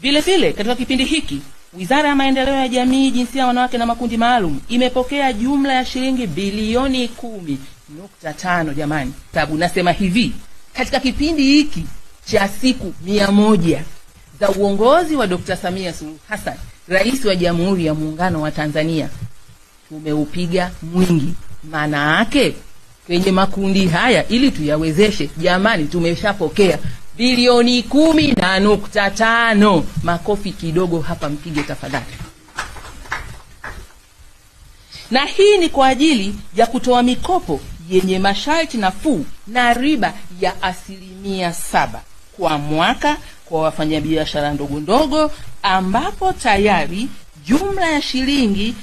Vile vile katika kipindi hiki Wizara ya Maendeleo ya Jamii, Jinsia ya Wanawake na Makundi Maalum imepokea jumla ya shilingi bilioni kumi nukta tano. Jamani, sababu nasema hivi, katika kipindi hiki cha siku mia moja za uongozi wa Dr. Samia Suluhu Hassan, Rais wa Jamhuri ya Muungano wa Tanzania, tumeupiga mwingi. Maana yake kwenye makundi haya ili tuyawezeshe, jamani, tumeshapokea bilioni kumi na nukta tano. Makofi kidogo hapa, mpige tafadhali. Na hii ni kwa ajili ya kutoa mikopo yenye masharti nafuu na riba ya asilimia saba kwa mwaka kwa wafanyabiashara ndogo ndogo, ambapo tayari jumla ya shilingi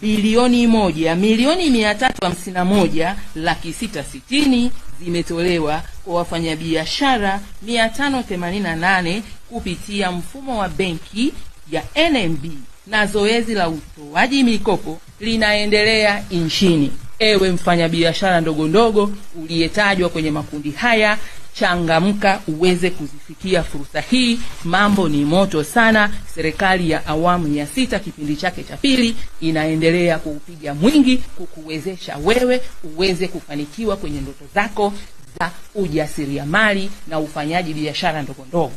bilioni moja milioni mia tatu hamsini na moja laki sita sitini zimetolewa kwa wafanyabiashara 588 kupitia mfumo wa benki ya NMB na zoezi la utoaji mikopo linaendelea nchini. Ewe mfanyabiashara ndogo ndogo uliyetajwa kwenye makundi haya, changamka uweze kuzifikia fursa hii. Mambo ni moto sana. Serikali ya awamu ya sita kipindi chake cha pili inaendelea kuupiga mwingi kukuwezesha wewe uweze kufanikiwa kwenye ndoto zako za ujasiriamali na ufanyaji biashara ndogo ndogo.